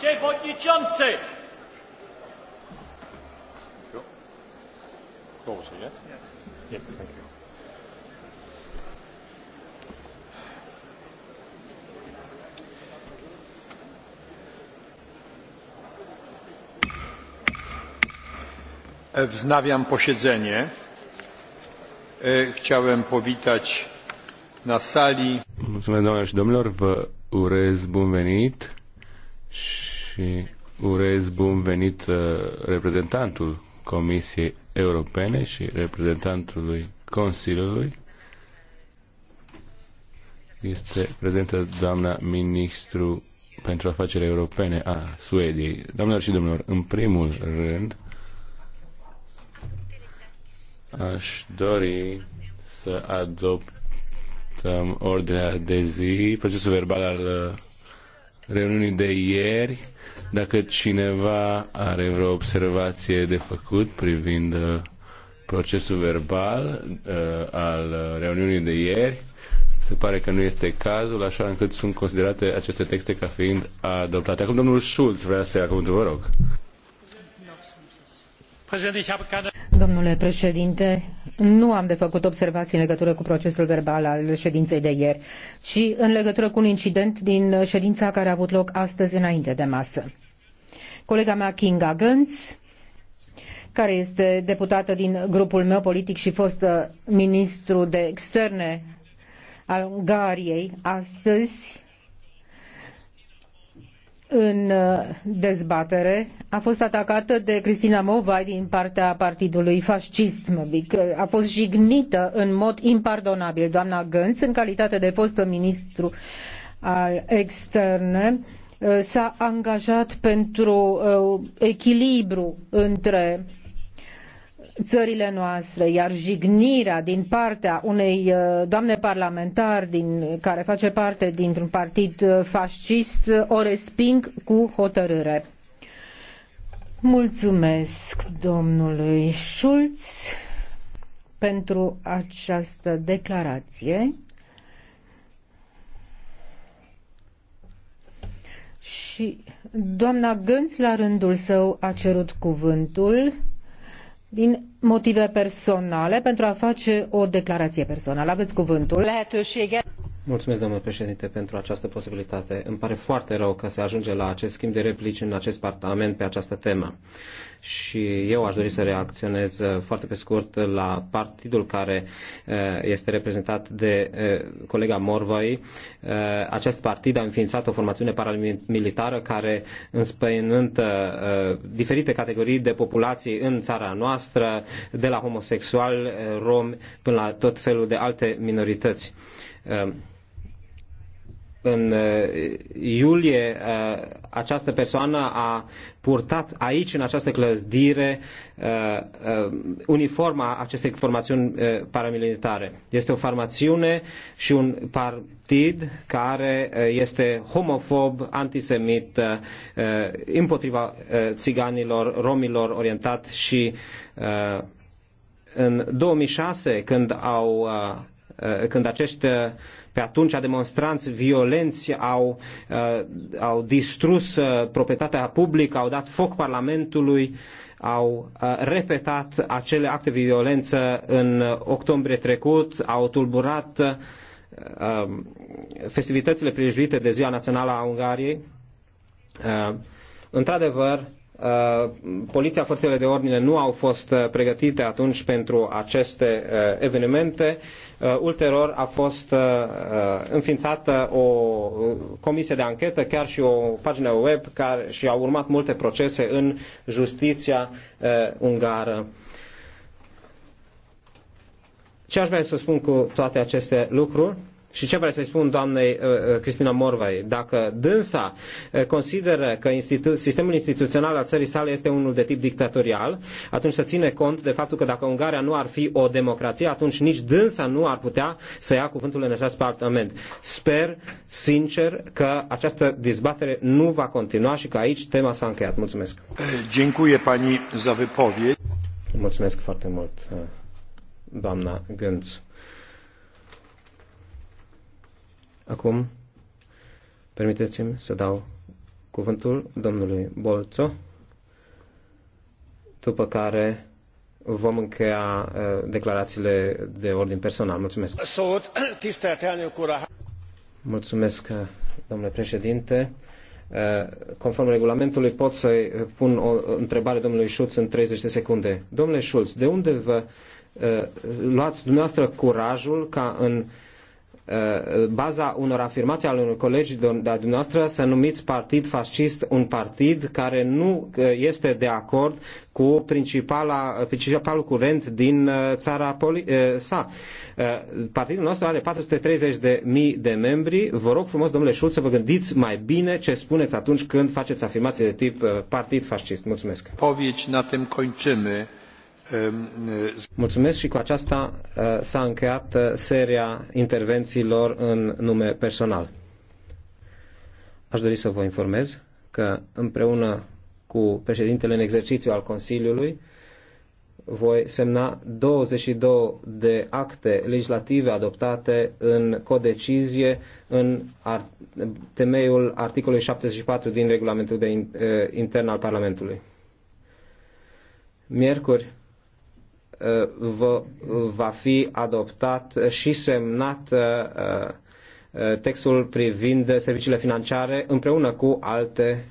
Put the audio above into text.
przewodniczący! Wznawiam posiedzenie. Chciałem powitać na sali. Mulțumesc, domnilor, vă urez bun venit și și urez bun venit uh, reprezentantul Comisiei Europene și reprezentantului Consiliului. Este prezentă doamna ministru pentru afaceri europene a Suediei. Doamnelor și domnilor, în primul rând, aș dori să adoptăm ordinea de zi, procesul verbal al uh, reuniunii de ieri. Dacă cineva are vreo observație de făcut privind uh, procesul verbal uh, al reuniunii de ieri, se pare că nu este cazul, așa încât sunt considerate aceste texte ca fiind adoptate. Acum domnul Schulz vrea să ia cuvântul, vă rog. Domnule președinte, nu am de făcut observații în legătură cu procesul verbal al ședinței de ieri, ci în legătură cu un incident din ședința care a avut loc astăzi înainte de masă. Colega mea, Kinga Gânț, care este deputată din grupul meu politic și fost ministru de externe al Ungariei, astăzi în uh, dezbatere a fost atacată de Cristina Movai din partea partidului fascist. A fost jignită în mod impardonabil doamna Gânț în calitate de fostă ministru al externe uh, s-a angajat pentru uh, echilibru între țările noastre, iar jignirea din partea unei uh, doamne parlamentar din, care face parte dintr-un partid uh, fascist uh, o resping cu hotărâre. Mulțumesc domnului Schulz pentru această declarație. Și doamna Gânț, la rândul său, a cerut cuvântul din motive personale pentru a face o declarație personală. Aveți cuvântul. Mulțumesc, domnule președinte, pentru această posibilitate. Îmi pare foarte rău că se ajunge la acest schimb de replici în acest parlament pe această temă. Și eu aș dori să reacționez uh, foarte pe scurt la partidul care uh, este reprezentat de uh, colega Morvai. Acest partid a înființat o formațiune paramilitară care înspăinând diferite categorii de populații în țara noastră, de la homosexual, rom până la tot felul de alte minorități Um, în uh, iulie uh, această persoană a purtat aici, în această clăzdire, uh, uniforma acestei formațiuni paramilitare. Este o formațiune și un partid care este homofob, antisemit, împotriva țiganilor, romilor orientat și în 2006, când au Uh, când acești uh, pe atunci demonstranți violenți au, uh, au distrus proprietatea publică, au dat foc Parlamentului, au repetat acele acte de violență în octombrie trecut, au tulburat um, festivitățile prejuite de Ziua Națională a Ungariei. Într-adevăr, Uh, poliția, forțele de ordine nu au fost uh, pregătite atunci pentru aceste uh, evenimente. Ulterior a fost înființată o comisie de anchetă, chiar și o pagină web care și au urmat multe procese în justiția ungară. Ce aș vrea să spun cu toate aceste lucruri și ce vreau să-i spun doamnei uh, uh, Cristina Morvai? Dacă dânsa uh, consideră că institu- sistemul instituțional al țării sale este unul de tip dictatorial, atunci să ține cont de faptul că dacă Ungaria nu ar fi o democrație, atunci nici dânsa nu ar putea să ia cuvântul în acest parlament. Sper, sincer, că această dezbatere nu va continua și că aici tema s-a încheiat. Mulțumesc. Dziękuję pani za wypowiedź. Mulțumesc foarte mult, uh, doamna Gânț. Acum, permiteți-mi să dau cuvântul domnului Bolțo, după care vom încheia uh, declarațiile de ordin personal. Mulțumesc. Mulțumesc, uh, domnule președinte. Uh, conform regulamentului pot să pun o întrebare domnului Schulz în 30 de secunde. Domnule Schulz, de unde vă luați dumneavoastră curajul ca în uh, Uh, baza unor afirmații ale unor colegi de-a dumneavoastră să numiți partid fascist un partid care nu uh, este de acord cu principala, uh, principalul curent din țara sa. Partidul nostru are 430 de mii de membri. Vă rog frumos, domnule Schulz, să vă gândiți mai bine ce spuneți atunci când faceți afirmații de tip partid fascist. Mulțumesc. Povieci na tym kończymy. Mulțumesc și cu aceasta uh, s-a încheiat uh, seria intervențiilor în nume personal. Aș dori să vă informez că împreună cu președintele în exercițiu al Consiliului voi semna 22 de acte legislative adoptate în codecizie în ar- temeiul articolului 74 din regulamentul de in- uh, intern al Parlamentului. Miercuri, Uh, uh, va fi adoptat și semnat uh, textul privind serviciile financiare împreună cu alte